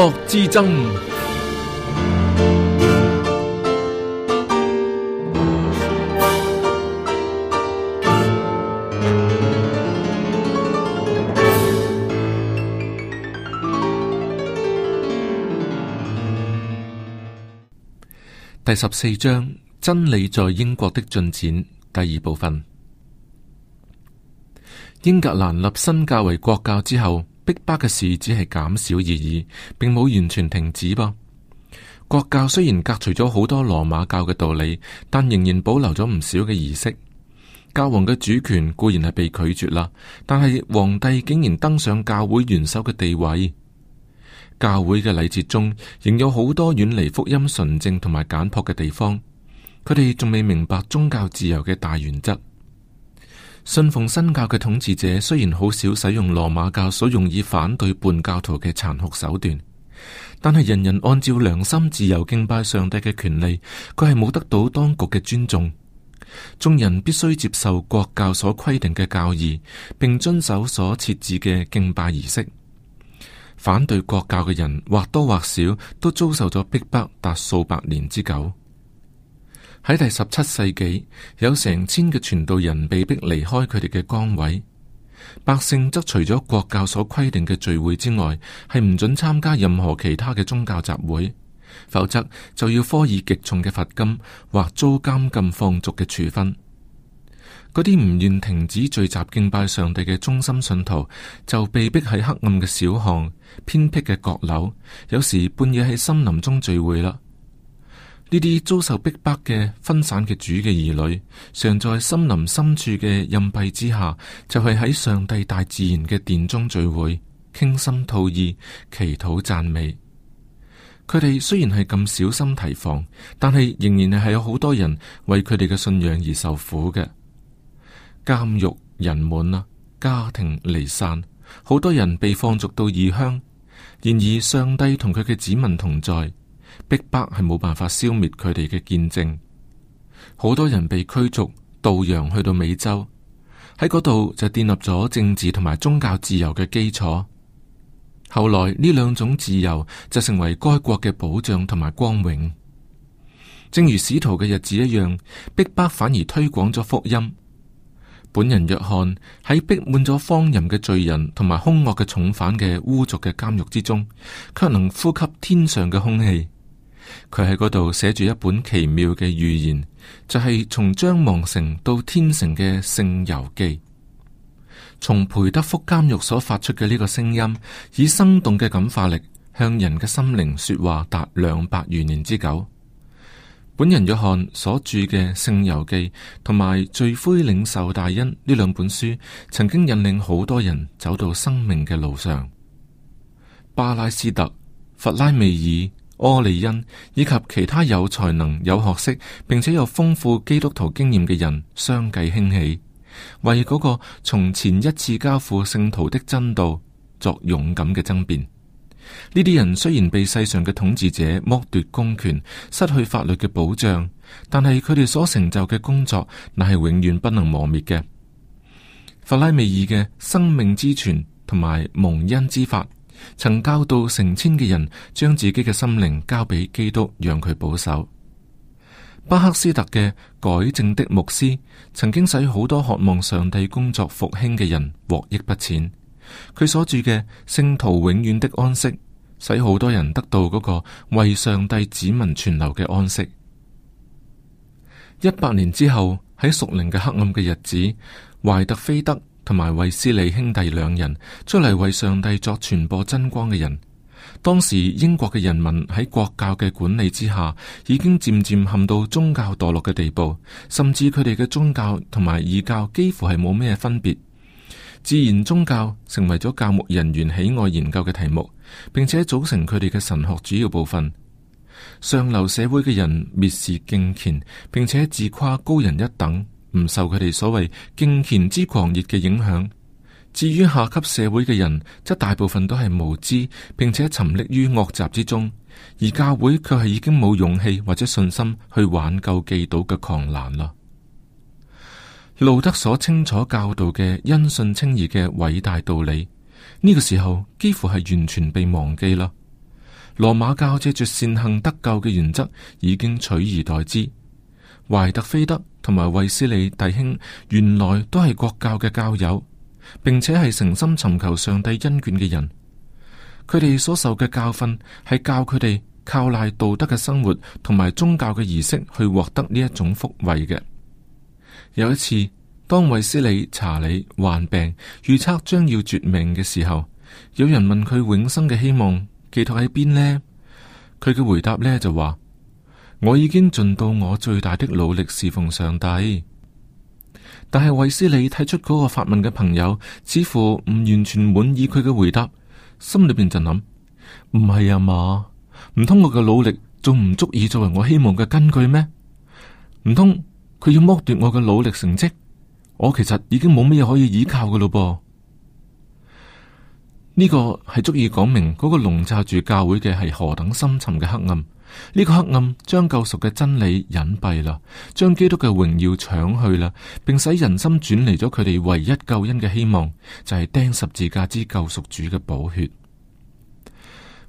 國之爭。第十四章：真理在英國的進展。第二部分：英格蘭立新教為國教之後。逼迫嘅事只係減少而已，並冇完全停止噃。國教雖然隔除咗好多羅馬教嘅道理，但仍然保留咗唔少嘅儀式。教皇嘅主權固然係被拒絕啦，但係皇帝竟然登上教會元首嘅地位。教會嘅禮節中，仍有好多遠離福音純正同埋簡樸嘅地方。佢哋仲未明白宗教自由嘅大原則。信奉新教嘅統治者雖然好少使用羅馬教所用以反對叛教徒嘅殘酷手段，但係人人按照良心自由敬拜上帝嘅權利，佢係冇得到當局嘅尊重。眾人必須接受國教所規定嘅教義，並遵守所設置嘅敬拜儀式。反對國教嘅人或多或少都遭受咗逼迫達數百年之久。喺第十七世紀，有成千嘅傳道人被迫離開佢哋嘅崗位，百姓則除咗國教所規定嘅聚會之外，係唔准參加任何其他嘅宗教集會，否則就要科以極重嘅罰金或遭監禁放逐嘅處分。嗰啲唔願停止聚集敬，敬拜上帝嘅忠心信徒，就被迫喺黑暗嘅小巷、偏僻嘅閣樓，有時半夜喺森林中聚會啦。呢啲遭受逼迫嘅分散嘅主嘅兒女，常在森林深處嘅蔭蔽之下，就係喺上帝大自然嘅殿中聚會，傾心吐意，祈禱讚美。佢哋雖然係咁小心提防，但係仍然係有好多人為佢哋嘅信仰而受苦嘅，監獄人滿啊，家庭離散，好多人被放逐到異鄉。然而，上帝同佢嘅子民同在。逼迫係冇辦法消滅佢哋嘅見證。好多人被驅逐，渡洋去到美洲，喺嗰度就建立咗政治同埋宗教自由嘅基礎。後來呢兩種自由就成為該國嘅保障同埋光榮，正如使徒嘅日子一樣，逼迫反而推廣咗福音。本人約翰喺逼滿咗荒淫嘅罪人同埋兇惡嘅重犯嘅污濁嘅監獄之中，卻能呼吸天上嘅空氣。佢喺嗰度寫住一本奇妙嘅預言，就係從將亡城到天城嘅聖遊記。從培德福監獄所發出嘅呢個聲音，以生動嘅感化力向人嘅心靈說話，達兩百餘年之久。本人約翰所著嘅《聖遊記》同埋《罪魁領受大恩》呢兩本書，曾經引領好多人走到生命嘅路上。巴拉斯特、弗拉米爾。柯利恩以及其他有才能、有學識，並且有豐富基督徒經驗嘅人相繼興起，為嗰個從前一次交付聖徒的真道作勇敢嘅爭辯。呢啲人雖然被世上嘅統治者剝奪公權、失去法律嘅保障，但係佢哋所成就嘅工作，乃係永遠不能磨滅嘅。弗拉米爾嘅生命之泉同埋蒙恩之法。曾教導成千嘅人將自己嘅心靈交俾基督，讓佢保守。巴克斯特嘅《改正的牧師》曾經使好多渴望上帝工作復興嘅人獲益不淺。佢所著嘅《聖徒永遠的安息》使好多人得到嗰個為上帝子民存留嘅安息。一百年之後喺屬靈嘅黑暗嘅日子，懷特菲德，同埋衛斯理兄弟兩人出嚟為上帝作傳播真光嘅人。當時英國嘅人民喺國教嘅管理之下，已經漸漸陷到宗教墮落嘅地步，甚至佢哋嘅宗教同埋異教幾乎係冇咩分別。自然宗教成為咗教牧人員喜愛研究嘅題目，並且組成佢哋嘅神學主要部分。上流社會嘅人蔑視敬虔，並且自誇高人一等，唔受佢哋所謂敬虔之狂熱嘅影響。至於下級社會嘅人，則大部分都係無知，並且沉溺於惡習之中。而教會卻係已經冇勇氣或者信心去挽救既倒嘅狂瀾啦。路德所清楚教導嘅因信稱義嘅偉大道理，呢個時候幾乎係完全被忘記啦。羅馬教借住善行得救嘅原則，已經取而代之。懷特菲德同埋衛斯理弟兄原來都係國教嘅教友，並且係誠心尋求上帝恩眷嘅人。佢哋所受嘅教訓係教佢哋靠賴道德嘅生活同埋宗教嘅儀式去獲得呢一種福惠嘅。有一次，當衛斯理查理患病，預測將要絕命嘅時候，有人問佢永生嘅希望，寄託喺邊呢？佢嘅回答呢就話：我已經盡到我最大的努力侍奉上帝，但係韋斯理睇出嗰個發問嘅朋友似乎唔完全滿意佢嘅回答，心裏邊就諗：唔係啊嘛，唔通我嘅努力仲唔足以作為我希望嘅根據咩？唔通佢要剝奪我嘅努力成績？我其實已經冇咩嘢可以依靠嘅咯噃。呢個係足以講明嗰個籠罩住教會嘅係何等深沉嘅黑暗。呢個黑暗將救贖嘅真理隱蔽啦，將基督嘅榮耀搶去啦，並使人心轉離咗佢哋唯一救恩嘅希望，就係釘十字架之救贖主嘅寶血。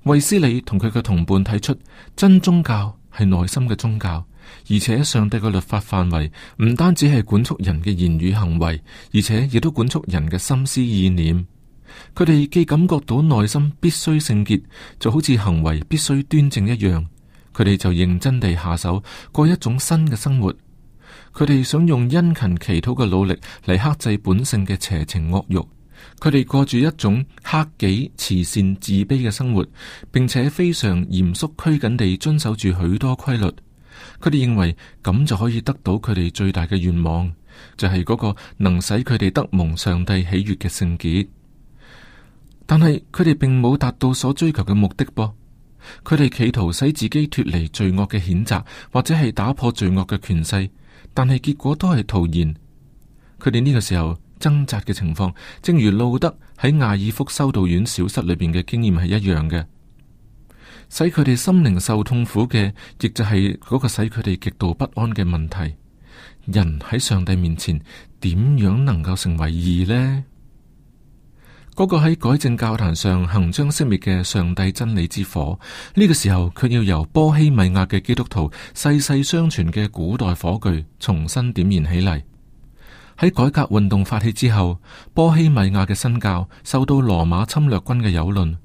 衛斯理同佢嘅同伴提出，真宗教係內心嘅宗教，而且上帝嘅律法範圍唔單止係管束人嘅言語行為，而且亦都管束人嘅心思意念。佢哋既感覺到內心必須聖潔，就好似行為必須端正一樣。佢哋就認真地下手過一種新嘅生活，佢哋想用殷勤祈禱嘅努力嚟克制本性嘅邪情惡慾，佢哋過住一種克己、慈善、自卑嘅生活，並且非常嚴肅拘謹地遵守住許多規律。佢哋認為咁就可以得到佢哋最大嘅願望，就係、是、嗰個能使佢哋得蒙上帝喜悅嘅聖潔。但係佢哋並冇達到所追求嘅目的噃。佢哋企圖使自己脫離罪惡嘅譴責，或者係打破罪惡嘅權勢，但係結果都係徒然。佢哋呢個時候掙扎嘅情況，正如路德喺亞爾福修道院小室裏邊嘅經驗係一樣嘅。使佢哋心靈受痛苦嘅，亦就係嗰個使佢哋極度不安嘅問題。人喺上帝面前，點樣能夠成為義呢？嗰個喺改正教壇上行將熄滅嘅上帝真理之火，呢、這個時候卻要由波希米亞嘅基督徒世世相傳嘅古代火炬重新點燃起嚟。喺改革運動發起之後，波希米亞嘅新教受到羅馬侵略軍嘅蹂躪，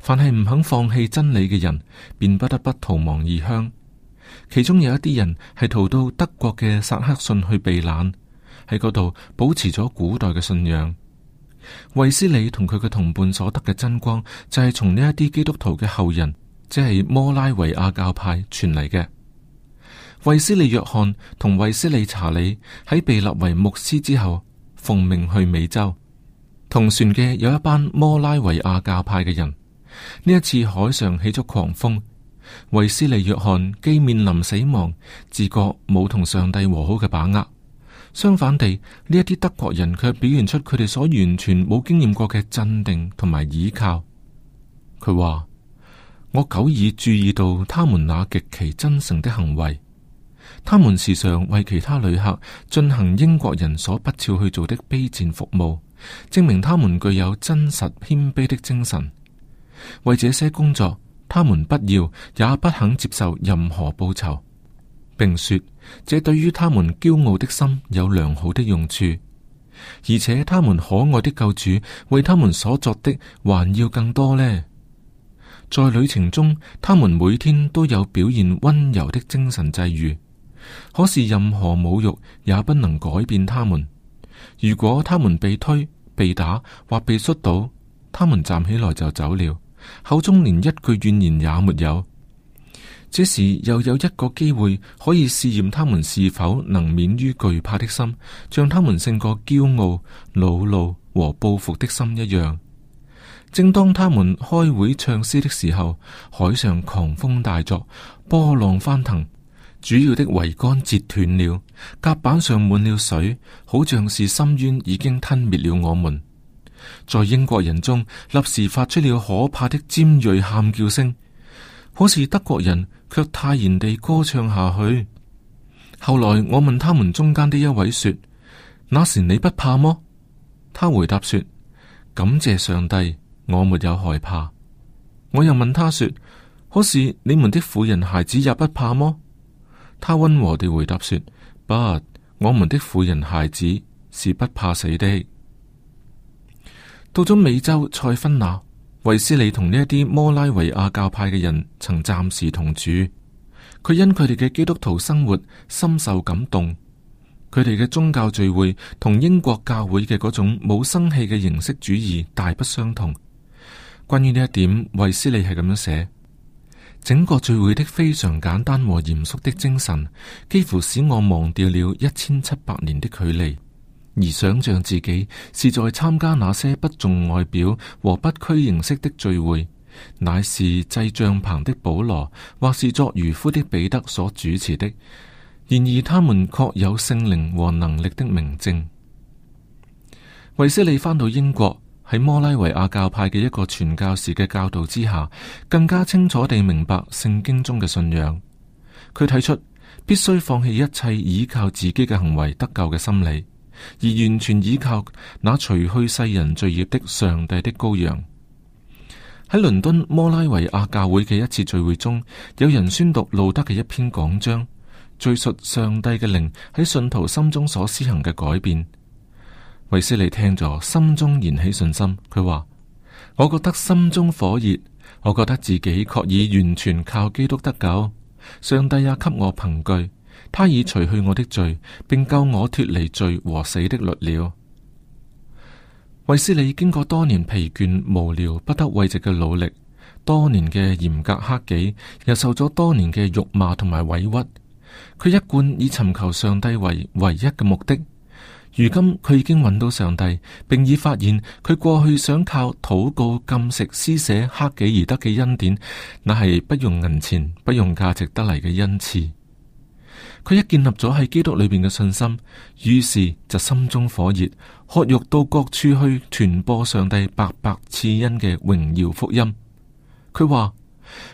凡係唔肯放棄真理嘅人，便不得不逃亡異鄉。其中有一啲人係逃到德國嘅薩克遜去避難，喺嗰度保持咗古代嘅信仰。衛斯理同佢嘅同伴所得嘅真光，就係從呢一啲基督徒嘅後人，即係摩拉維亞教派傳嚟嘅。衛斯理約翰同衛斯理查理喺被立為牧師之後，奉命去美洲，同船嘅有一班摩拉維亞教派嘅人。呢一次海上起咗狂風，衛斯理約翰既面臨死亡，自覺冇同上帝和好嘅把握。相反地，呢一啲德國人卻表現出佢哋所完全冇經驗過嘅鎮定同埋倚靠。佢話：我久已注意到他們那極其真誠的行為，他們時常為其他旅客進行英國人所不屑去做的卑賤服務，證明他們具有真實謙卑的精神。為這些工作，他們不要，也不肯接受任何報酬。並說，這對於他們驕傲的心有良好的用處，而且他們可愛的救主為他們所作的還要更多呢。在旅程中，他們每天都有表現溫柔的精神際遇，可是任何侮辱也不能改變他們。如果他們被推、被打或被摔倒，他們站起來就走了，口中連一句怨言也沒有。這時又有一個機會可以試驗他們是否能免於懼怕的心，像他們勝過驕傲、惱怒和報復的心一樣。正當他們開會唱詩的時候，海上狂風大作，波浪翻騰，主要的桅杆折斷了，甲板上滿了水，好像是深淵已經吞滅了我們。在英國人中，立時發出了可怕的尖銳喊叫聲。可是德國人。卻泰然地歌唱下去。後來我問他們中間的一位說：那時你不怕麼？他回答說：感謝上帝，我沒有害怕。我又問他說：可是你們的婦人孩子也不怕麼？他溫和地回答說：不，But, 我們的婦人孩子是不怕死的。到咗美洲塞芬拿。維斯利同呢一啲摩拉維亞教派嘅人曾暫時同住，佢因佢哋嘅基督徒生活深受感動。佢哋嘅宗教聚會同英國教會嘅嗰種冇生氣嘅形式主義大不相同。關於呢一點，維斯利係咁樣寫：「整個聚會的非常簡單和嚴肅的精神，幾乎使我忘掉了一千七百年的距離。」而想象自己是在參加那些不重外表和不拘形式的聚會，乃是製帳篷的保羅或是作漁夫的彼得所主持的。然而，他們確有聖靈和能力的明證。衛斯理返到英國喺摩拉維亞教派嘅一個傳教士嘅教導之下，更加清楚地明白聖經中嘅信仰。佢睇出必須放棄一切依靠自己嘅行為得救嘅心理。而完全依靠那除去世人罪孽的上帝的羔羊。喺倫敦摩拉維亞教會嘅一次聚會中，有人宣讀路德嘅一篇講章，敘述上帝嘅靈喺信徒心中所施行嘅改變。維斯利聽咗，心中燃起信心。佢話：我覺得心中火熱，我覺得自己確已完全靠基督得救，上帝也給我憑據。他已除去我的罪，並救我脫離罪和死的律了。衛斯理經過多年疲倦、無聊、不得慰藉嘅努力，多年嘅嚴格克己，又受咗多年嘅辱罵同埋委屈，佢一貫以尋求上帝為唯一嘅目的。如今佢已經揾到上帝，並已發現佢過去想靠禱告、禁食、施捨、克己而得嘅恩典，那係不用銀錢、不用價值得嚟嘅恩賜。佢一建立咗喺基督裏邊嘅信心，於是就心中火熱，渴欲到各處去傳播上帝白白賜恩嘅榮耀福音。佢話：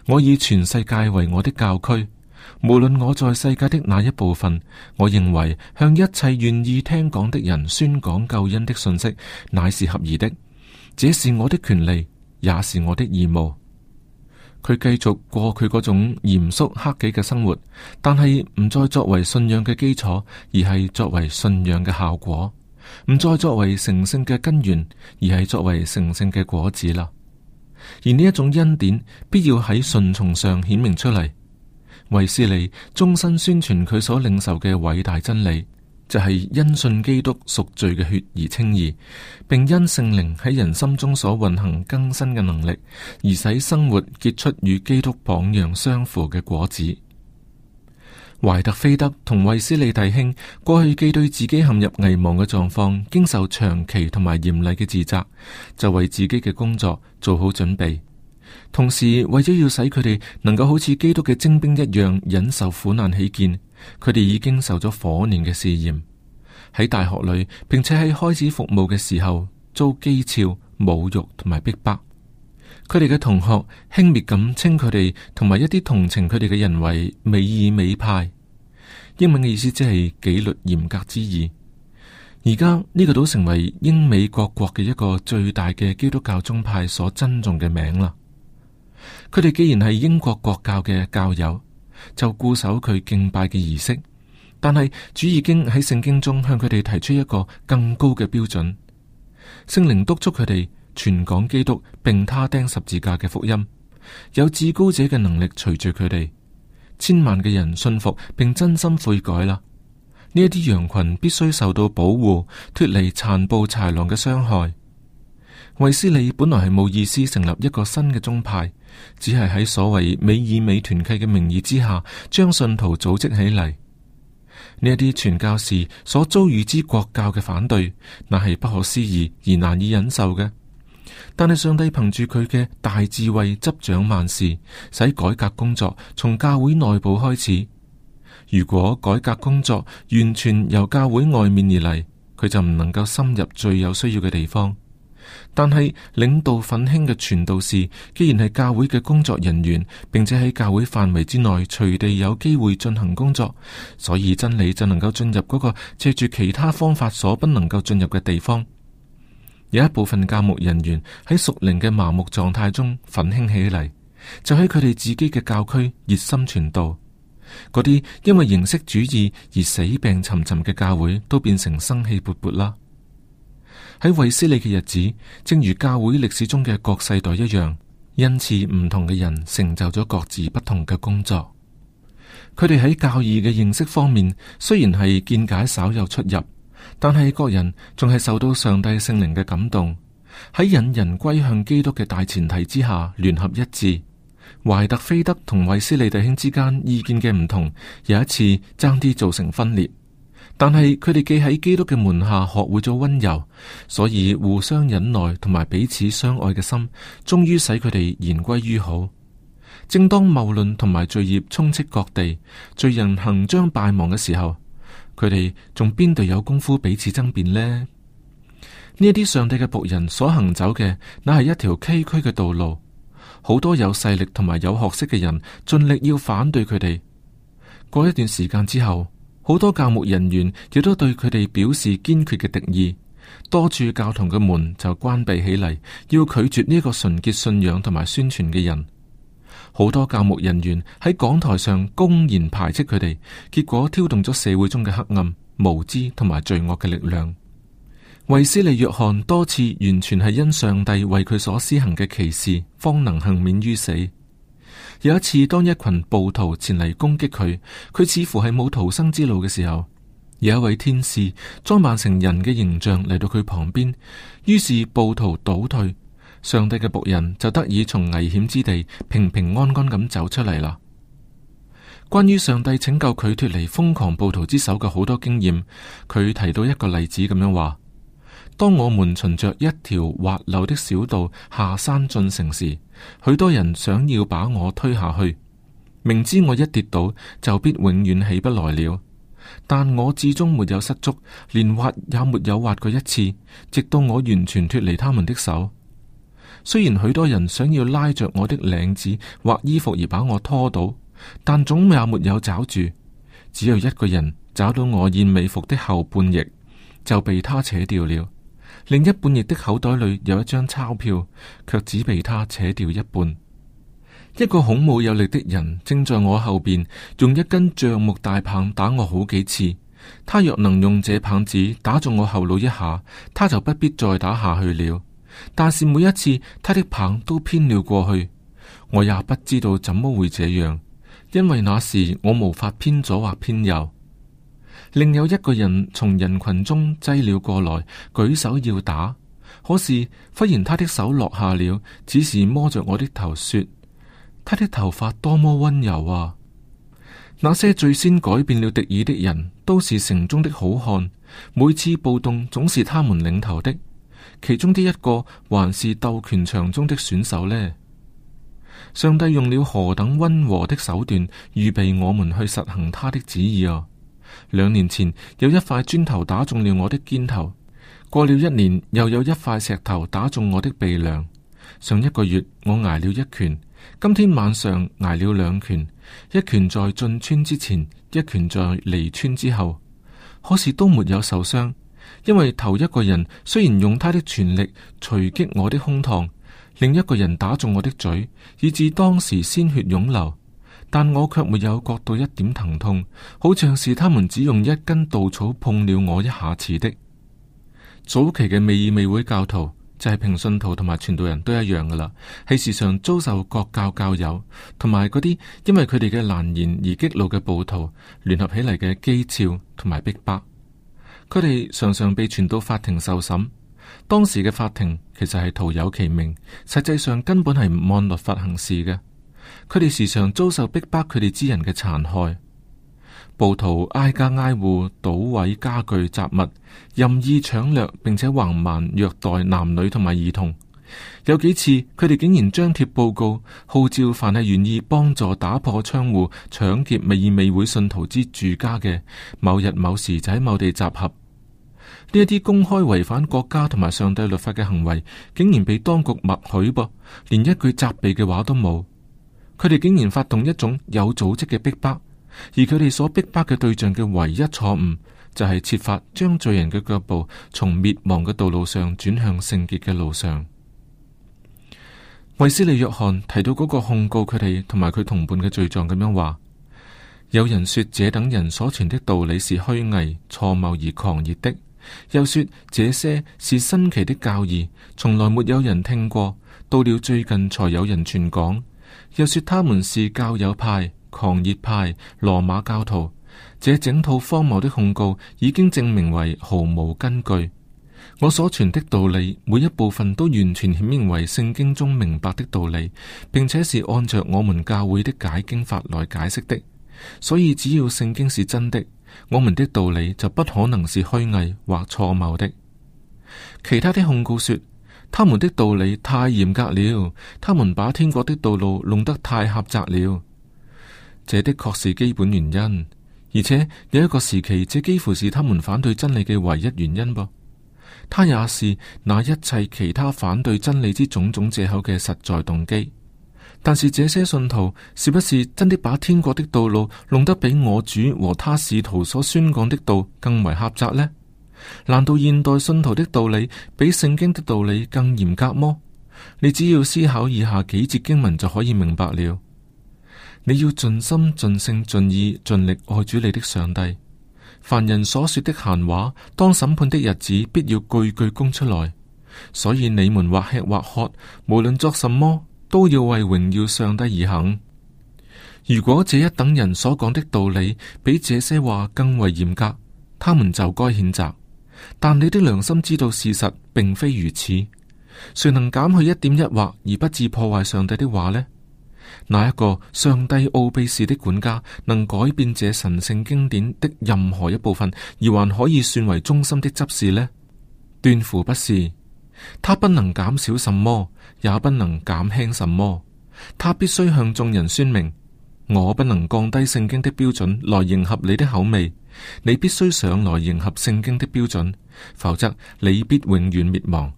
我以全世界為我的教區，無論我在世界的哪一部分，我認為向一切願意聽講的人宣講救恩的信息乃是合宜的，這是我的權利，也是我的義務。佢繼續過佢嗰種嚴肅克己嘅生活，但係唔再作為信仰嘅基礎，而係作為信仰嘅效果；唔再作為成聖嘅根源，而係作為成聖嘅果子啦。而呢一種恩典，必要喺順從上顯明出嚟，衛斯理終身宣傳佢所領受嘅偉大真理。就係因信基督贖罪嘅血而稱義，並因聖靈喺人心中所運行更新嘅能力，而使生活結出與基督榜樣相符嘅果子。懷特菲德同衛斯理弟兄過去既對自己陷入危亡嘅狀況，經受長期同埋嚴厲嘅自責，就為自己嘅工作做好準備。同時為咗要使佢哋能夠好似基督嘅精兵一樣忍受苦難起見，佢哋已經受咗火年嘅試驗喺大學裏，並且喺開始服務嘅時候遭譏誚、侮辱同埋逼迫。佢哋嘅同學輕蔑咁稱佢哋，同埋一啲同情佢哋嘅人為美以美派，英文嘅意思即係紀律嚴格之意。而家呢個都成為英美各國嘅一個最大嘅基督教宗派所珍重嘅名啦。佢哋既然係英國國教嘅教友，就固守佢敬拜嘅儀式。但係主已經喺聖經中向佢哋提出一個更高嘅標準，聖靈督促佢哋傳講基督並他釘十字架嘅福音。有至高者嘅能力隨住佢哋，千萬嘅人信服並真心悔改啦。呢一啲羊群必須受到保護，脫離殘暴豺狼嘅傷害。衛斯理本來係冇意思成立一個新嘅宗派，只係喺所謂美以美團契嘅名義之下，將信徒組織起嚟。呢一啲傳教士所遭遇之國教嘅反對，那係不可思議而難以忍受嘅。但係上帝憑住佢嘅大智慧執掌萬事，使改革工作從教會內部開始。如果改革工作完全由教會外面而嚟，佢就唔能夠深入最有需要嘅地方。但係領導奮興嘅傳道士，既然係教會嘅工作人員，並且喺教會範圍之內隨地有機會進行工作，所以真理就能夠進入嗰個借住其他方法所不能夠進入嘅地方。有一部分教牧人員喺屬靈嘅麻木狀態中奮興起嚟，就喺佢哋自己嘅教區熱心傳道。嗰啲因為形式主義而死病沉沉嘅教會，都變成生氣勃勃啦。喺衛斯理嘅日子，正如教會歷史中嘅各世代一樣，因此唔同嘅人成就咗各自不同嘅工作。佢哋喺教義嘅認識方面，雖然係見解稍有出入，但係各人仲係受到上帝聖靈嘅感動。喺引人歸向基督嘅大前提之下，聯合一致。懷特菲德同衛斯理弟兄之間意見嘅唔同，有一次爭啲造成分裂。但係佢哋既喺基督嘅門下學會咗溫柔，所以互相忍耐同埋彼此相愛嘅心，終於使佢哋言歸於好。正當謬論同埋罪業充斥各地，罪人行將敗亡嘅時候，佢哋仲邊度有功夫彼此爭辯呢？呢一啲上帝嘅僕人所行走嘅，乃係一條崎嶇嘅道路，好多有勢力同埋有學識嘅人盡力要反對佢哋。過一段時間之後。好多教牧人員亦都對佢哋表示堅決嘅敵意，多處教堂嘅門就關閉起嚟，要拒絕呢個純潔信仰同埋宣傳嘅人。好多教牧人員喺講台上公然排斥佢哋，結果挑動咗社會中嘅黑暗、無知同埋罪惡嘅力量。衛斯理約翰多次完全係因上帝為佢所施行嘅奇事，方能幸免於死。有一次，當一群暴徒前嚟攻擊佢，佢似乎係冇逃生之路嘅時候，有一位天使裝扮成人嘅形象嚟到佢旁邊，於是暴徒倒退，上帝嘅僕人就得以從危險之地平平安安咁走出嚟啦。關於上帝拯救佢脫離瘋狂暴徒之手嘅好多經驗，佢提到一個例子咁樣話：當我們循着一條滑溜的小道下山進城時，許多人想要把我推下去，明知我一跌倒就必永遠起不來了，但我始終沒有失足，連滑也沒有滑過一次，直到我完全脱離他們的手。雖然許多人想要拉着我的領子或衣服而把我拖倒，但總也沒有抓住，只有一個人找到我燕尾服的後半翼，就被他扯掉了。另一半熱的口袋裏有一張鈔票，卻只被他扯掉一半。一個恐怖有力的人正在我後邊用一根橡木大棒打我好幾次。他若能用這棒子打中我後腦一下，他就不必再打下去了。但是每一次他的棒都偏了過去，我也不知道怎麼會這樣，因為那時我無法偏左或偏右。另有一個人從人群中擠了過來，舉手要打，可是忽然他的手落下了，只是摸着我的頭說：他的頭髮多麼温柔啊！那些最先改變了敵意的人，都是城中的好漢，每次暴動總是他們領頭的。其中的一個還是鬥拳場中的選手呢。上帝用了何等温和的手段預備我們去實行他的旨意啊！兩年前有一塊磚頭打中了我的肩頭，過了一年又有一塊石頭打中我的鼻梁。上一個月我挨了一拳，今天晚上挨了兩拳，一拳在進村之前，一拳在離村之後。後，可是都沒有受傷，因為頭一個人雖然用他的全力捶擊我的胸膛，另一個人打中我的嘴，以致當時鮮血湧流。但我卻沒有覺到一點疼痛，好像是他們只用一根稻草碰了我一下似的。早期嘅美以美會教徒就係平信徒同埋傳道人都一樣噶啦，係時常遭受各教教友同埋嗰啲因為佢哋嘅難言而激怒嘅暴徒聯合起嚟嘅譏笑同埋逼迫。佢哋常常被傳到法庭受審，當時嘅法庭其實係徒有其名，實際上根本係唔按律法行事嘅。佢哋時常遭受逼迫，佢哋之人嘅殘害，暴徒挨家挨戶搗毀家具雜物，任意搶掠，並且橫蠻虐待男女同埋兒童。有幾次，佢哋竟然張貼報告，號召凡係願意幫助打破窗戶、搶劫美以美會信徒之住家嘅，某日某時就喺某地集合。呢一啲公開違反國家同埋上帝律法嘅行為，竟然被當局默許噃，連一句責備嘅話都冇。佢哋竟然發動一種有組織嘅逼迫，而佢哋所逼迫嘅對象嘅唯一錯誤就係設法將罪人嘅腳步從滅亡嘅道路上轉向聖潔嘅路上。衛斯理約翰提到嗰個控告佢哋同埋佢同伴嘅罪狀，咁樣話：有人說，這等人所傳的道理是虛偽、錯謬而狂熱的；又說，這些是新奇的教義，從來沒有人聽過，到了最近才有人傳講。若說他們是教友派、狂熱派、羅馬教徒，這整套荒謬的控告已經證明為毫無根據。我所傳的道理，每一部分都完全顯明為聖經中明白的道理，並且是按着我們教會的解經法來解釋的。所以只要聖經是真的，我們的道理就不可能是虛偽或錯謬的。其他的控告說。他們的道理太嚴格了，他們把天國的道路弄得太狹窄了。這的確是基本原因，而且有一個時期，這幾乎是他們反對真理嘅唯一原因噃。他也是那一切其他反對真理之種種借口嘅實在動機。但是這些信徒是不是真的把天國的道路弄得比我主和他使徒所宣講的道更為狹窄呢？難道現代信徒的道理比聖經的道理更嚴格嗎？你只要思考以下幾節經文就可以明白了。你要盡心、盡性、盡意、盡力愛主你的上帝。凡人所說的閒話，當審判的日子，必要句句供出來。所以你們或吃或喝，無論作什麼，都要為榮耀上帝而行。如果這一等人所講的道理比這些話更為嚴格，他們就該譴責。但你的良心知道事實並非如此，誰能減去一點一畫而不致破壞上帝的話呢？哪一個上帝奧秘士的管家能改變這神聖經典的任何一部分，而還可以算為中心的執事呢？斷乎不是，他不能減少什麼，也不能減輕什麼，他必須向眾人宣明。我不能降低聖經的標準來迎合你的口味，你必須上來迎合聖經的標準，否則你必永遠滅亡。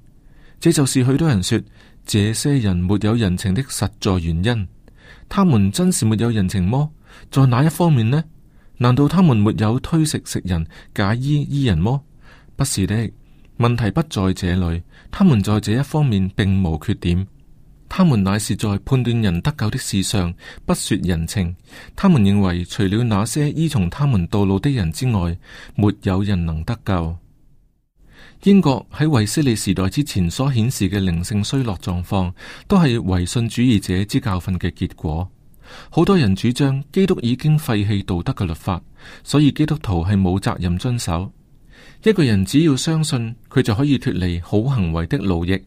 這就是許多人說這些人沒有人情的實在原因。他們真是沒有人情麼？在哪一方面呢？難道他們沒有推食食人、解衣衣人麼？不是的，問題不在這裏，他們在這一方面並無缺點。他們乃是在判斷人得救的事上不說人情，他們認為除了那些依從他們道路的人之外，沒有人能得救。英國喺維斯利時代之前所顯示嘅靈性衰落狀況，都係唯信主義者之教訓嘅結果。好多人主張基督已經廢棄道德嘅律法，所以基督徒係冇責任遵守。一個人只要相信，佢就可以脱離好行為的奴役。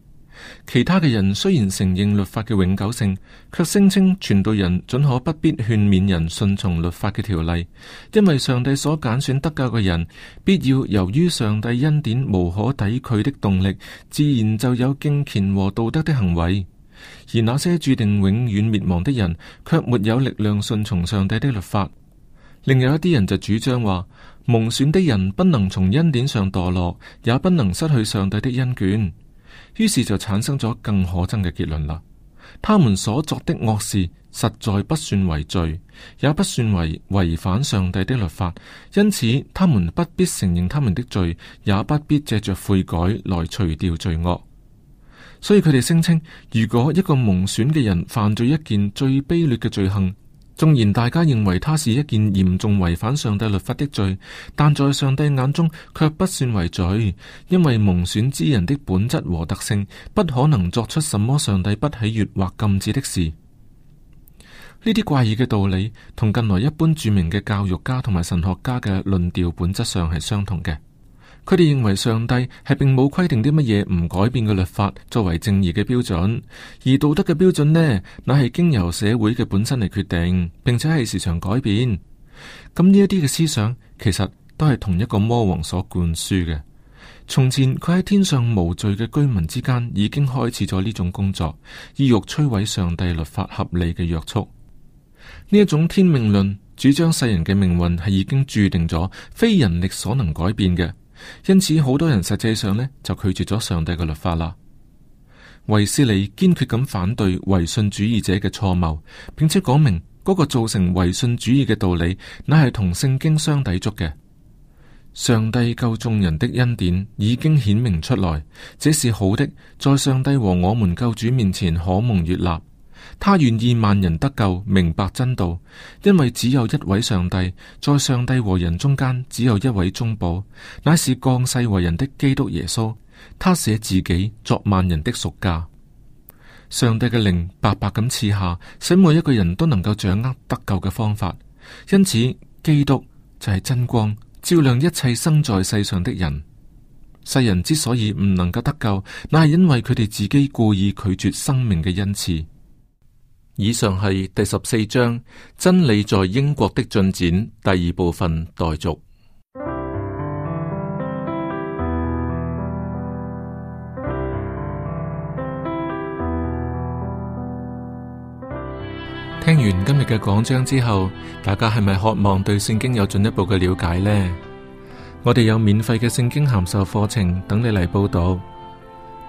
其他嘅人雖然承認律法嘅永久性，卻聲稱傳道人准可不必勸勉人順從律法嘅條例，因為上帝所揀選得救嘅人，必要由於上帝恩典無可抵拒的動力，自然就有敬虔和道德的行為；而那些注定永遠滅亡的人，卻沒有力量順從上帝的律法。另有一啲人就主張話，蒙選的人不能從恩典上墮落，也不能失去上帝的恩眷。於是就產生咗更可憎嘅結論啦。他們所作的惡事，實在不算為罪，也不算為違反上帝的律法，因此他們不必承認他們的罪，也不必借着悔改來除掉罪惡。所以佢哋聲稱，如果一個蒙選嘅人犯罪一件最卑劣嘅罪行，縱然大家認為它是一件嚴重違反上帝律法的罪，但在上帝眼中却不算為罪，因為蒙選之人的本質和特性不可能作出什麼上帝不喜悅或禁止的事。呢啲怪異嘅道理，同近來一般著名嘅教育家同埋神學家嘅論調本質上係相同嘅。佢哋認為上帝係並冇規定啲乜嘢唔改變嘅律法作為正義嘅標準，而道德嘅標準呢，乃係經由社會嘅本身嚟決定，並且係時常改變。咁呢一啲嘅思想其實都係同一個魔王所灌輸嘅。從前，佢喺天上無罪嘅居民之間已經開始咗呢種工作，意欲摧毀上帝律法合理嘅約束。呢一種天命論主張世人嘅命運係已經注定咗，非人力所能改變嘅。因此，好多人實際上咧就拒絕咗上帝嘅律法啦。維斯利堅決咁反對唯信主義者嘅錯謬，並且講明嗰個造成唯信主義嘅道理，乃係同聖經相抵觸嘅。上帝救眾人的恩典已經顯明出來，這是好的，在上帝和我們救主面前可蒙悦納。他願意萬人得救，明白真道，因為只有一位上帝，在上帝和人中間，只有一位中保，乃是降世為人的基督耶穌。他捨自己作萬人的贖價。上帝嘅靈白白咁賜下，使每一個人都能夠掌握得救嘅方法。因此，基督就係真光，照亮一切生在世上的人。世人之所以唔能夠得救，那係因為佢哋自己故意拒絕生命嘅恩賜。以上係第十四章真理在英國的進展第二部分。待續。聽完今日嘅講章之後，大家係咪渴望對聖經有進一步嘅了解呢？我哋有免費嘅聖經函授課程，等你嚟報讀。